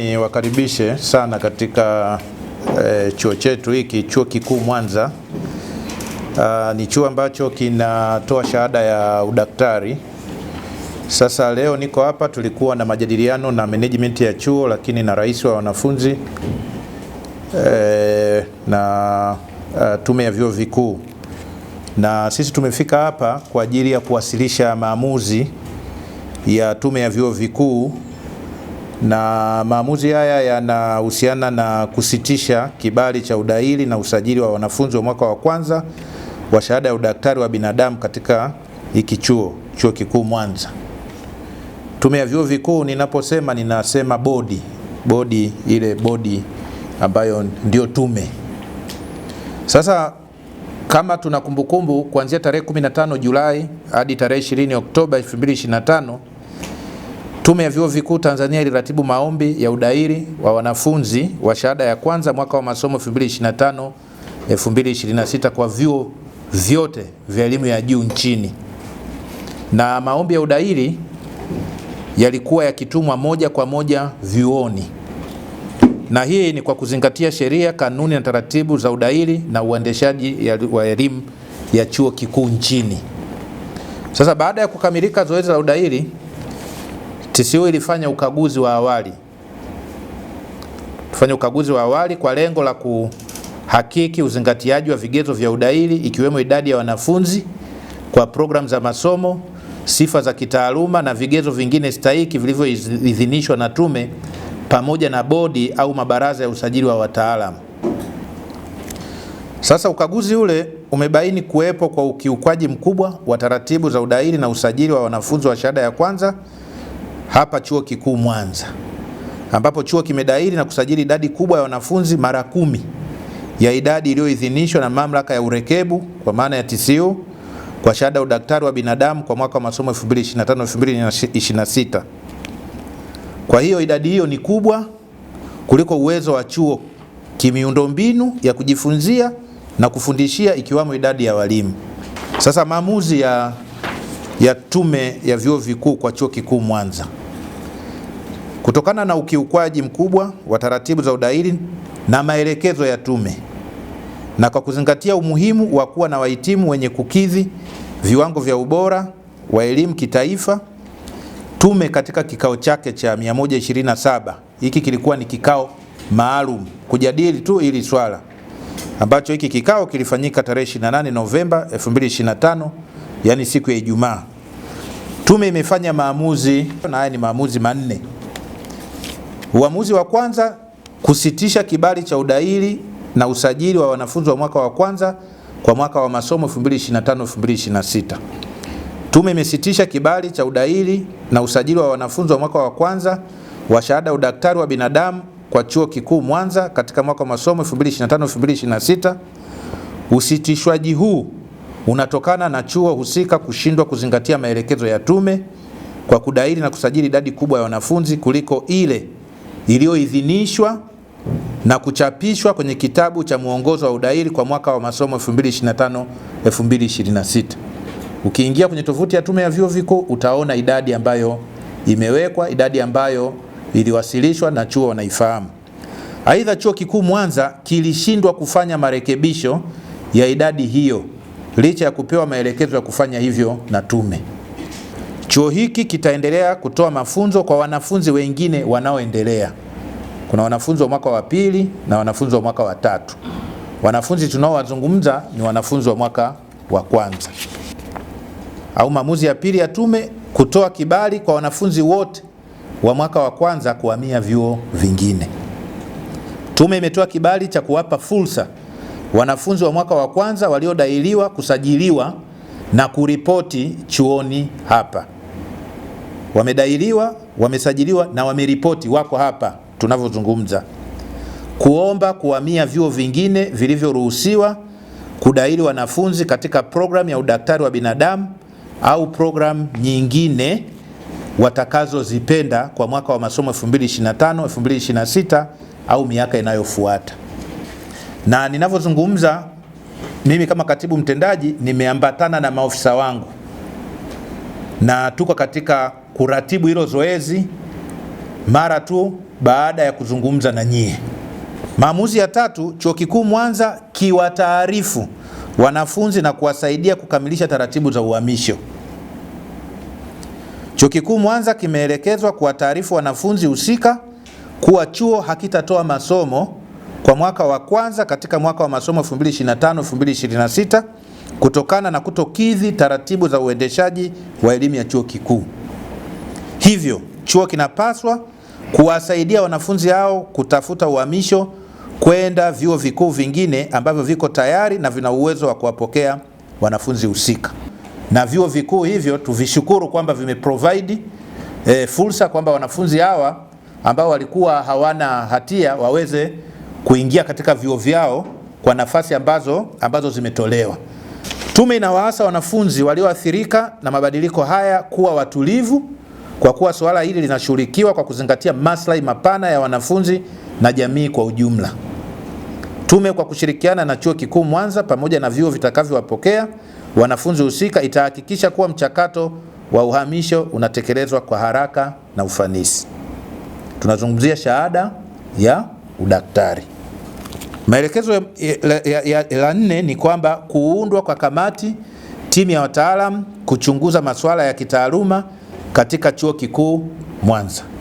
Niwakaribishe sana katika e, chuo chetu hiki, chuo kikuu Mwanza. A, ah, ni chuo ambacho kinatoa shahada ya udaktari. Sasa leo niko hapa, tulikuwa na majadiliano na management ya chuo, lakini na rais wa wanafunzi e, na a, ah, tume ya vyuo vikuu, na sisi tumefika hapa kwa ajili ya kuwasilisha maamuzi ya tume ya vyuo vikuu na maamuzi haya yanahusiana na kusitisha kibali cha udahili na usajili wa wanafunzi wa mwaka wa kwanza wa shahada ya udaktari wa binadamu katika hiki chuo, chuo kikuu Mwanza. Tume ya vyuo vikuu, ninaposema ninasema bodi, bodi ile bodi ambayo ndio tume. Sasa kama tuna kumbukumbu, kuanzia tarehe 15 Julai hadi tarehe 20 Oktoba 2025 Tume ya Vyuo Vikuu Tanzania iliratibu maombi ya udairi wa wanafunzi wa shahada ya kwanza mwaka wa masomo 2025 2026 kwa vyuo vyote vya elimu ya juu nchini, na maombi ya udairi yalikuwa yakitumwa moja kwa moja vyuoni, na hii ni kwa kuzingatia sheria, kanuni na taratibu za udairi na uendeshaji wa elimu ya chuo kikuu nchini. Sasa baada ya kukamilika zoezi la udairi TCU ilifanya ukaguzi wa awali tufanya ukaguzi wa awali kwa lengo la kuhakiki uzingatiaji wa vigezo vya udahili ikiwemo idadi ya wanafunzi kwa programu za masomo, sifa za kitaaluma na vigezo vingine stahiki vilivyoidhinishwa na tume pamoja na bodi au mabaraza ya usajili wa wataalamu. Sasa ukaguzi ule umebaini kuwepo kwa ukiukwaji mkubwa wa taratibu za udahili na usajili wa wanafunzi wa shahada ya kwanza hapa chuo kikuu Mwanza, ambapo chuo kimedaili na kusajili idadi kubwa ya wanafunzi mara kumi ya idadi iliyoidhinishwa na mamlaka ya urekebu kwa maana ya TCU kwa shahada ya udaktari wa binadamu kwa mwaka wa masomo 2025-2026. Kwa hiyo idadi hiyo ni kubwa kuliko uwezo wa chuo kimiundombinu ya kujifunzia na kufundishia ikiwamo idadi ya walimu. Sasa maamuzi ya ya Tume ya Vyuo Vikuu kwa Chuo Kikuu Mwanza kutokana na ukiukwaji mkubwa wa taratibu za udahili na maelekezo ya tume na kwa kuzingatia umuhimu wa kuwa na wahitimu wenye kukidhi viwango vya ubora wa elimu kitaifa, tume katika kikao chake cha 127 hiki kilikuwa ni kikao maalum kujadili tu ili swala ambacho hiki kikao kilifanyika tarehe 28 Novemba 2025 yani siku ya Ijumaa. Tume imefanya maamuzi na haya ni maamuzi manne. Uamuzi wa kwanza, kusitisha kibali cha udahili na usajili wa wanafunzi wa mwaka wa kwanza kwa mwaka wa masomo 2025-2026. Tume imesitisha kibali cha udahili na usajili wa wanafunzi wa mwaka wa kwanza wa shahada ya udaktari wa binadamu kwa Chuo Kikuu Mwanza katika mwaka wa masomo 2025-2026. Usitishwaji huu unatokana na chuo husika kushindwa kuzingatia maelekezo ya tume kwa kudaili na kusajili idadi kubwa ya wanafunzi kuliko ile iliyoidhinishwa na kuchapishwa kwenye kitabu cha mwongozo wa udairi kwa mwaka wa masomo 2025 2026. Ukiingia kwenye tovuti ya Tume ya Vyuo Vikuu utaona idadi ambayo imewekwa, idadi ambayo iliwasilishwa na chuo wanaifahamu. Aidha, Chuo Kikuu Mwanza kilishindwa kufanya marekebisho ya idadi hiyo licha ya kupewa maelekezo ya kufanya hivyo na tume. Chuo hiki kitaendelea kutoa mafunzo kwa wanafunzi wengine wanaoendelea. Kuna wanafunzi wa mwaka wa pili na wanafunzi wa mwaka wa tatu. Wanafunzi tunaowazungumza ni wanafunzi wa mwaka wa kwanza. Au maamuzi ya pili ya tume kutoa kibali kwa wanafunzi wote wa mwaka wa kwanza kuhamia vyuo vingine. Tume imetoa kibali cha kuwapa fursa wanafunzi wa mwaka wa kwanza waliodailiwa kusajiliwa na kuripoti chuoni hapa. Wamedailiwa, wamesajiliwa na wameripoti, wako hapa tunavyozungumza. Kuomba kuhamia vyuo vingine vilivyoruhusiwa kudaili wanafunzi katika programu ya udaktari wa binadamu au programu nyingine watakazozipenda kwa mwaka wa masomo 2025 2026 au miaka inayofuata na ninavyozungumza mimi kama katibu mtendaji nimeambatana na maofisa wangu na tuko katika kuratibu hilo zoezi mara tu baada ya kuzungumza na nyie. Maamuzi ya tatu, Chuo Kikuu Mwanza kiwataarifu wanafunzi na kuwasaidia kukamilisha taratibu za uhamisho. Chuo Kikuu Mwanza kimeelekezwa kuwataarifu wanafunzi husika kuwa chuo hakitatoa masomo kwa mwaka wa kwanza katika mwaka wa masomo 2025 2026 kutokana na kutokidhi taratibu za uendeshaji wa elimu ya chuo kikuu. Hivyo chuo kinapaswa kuwasaidia wanafunzi hao kutafuta uhamisho kwenda vyuo vikuu vingine ambavyo viko tayari na vina uwezo wa kuwapokea wanafunzi husika, na vyuo vikuu hivyo tuvishukuru kwamba vimeprovide e, fursa kwamba wanafunzi hawa ambao walikuwa hawana hatia waweze kuingia katika vyuo vyao kwa nafasi ambazo, ambazo zimetolewa. Tume inawaasa wanafunzi walioathirika na mabadiliko haya kuwa watulivu kwa kuwa suala hili linashughulikiwa kwa kuzingatia maslahi mapana ya wanafunzi na jamii kwa ujumla. Tume kwa kushirikiana na Chuo Kikuu Mwanza pamoja na vyuo vitakavyowapokea wanafunzi husika itahakikisha kuwa mchakato wa uhamisho unatekelezwa kwa haraka na ufanisi. Tunazungumzia shahada ya udaktari. Maelekezo la nne ni kwamba kuundwa kwa kamati, timu ya wataalamu kuchunguza masuala ya kitaaluma katika Chuo Kikuu Mwanza.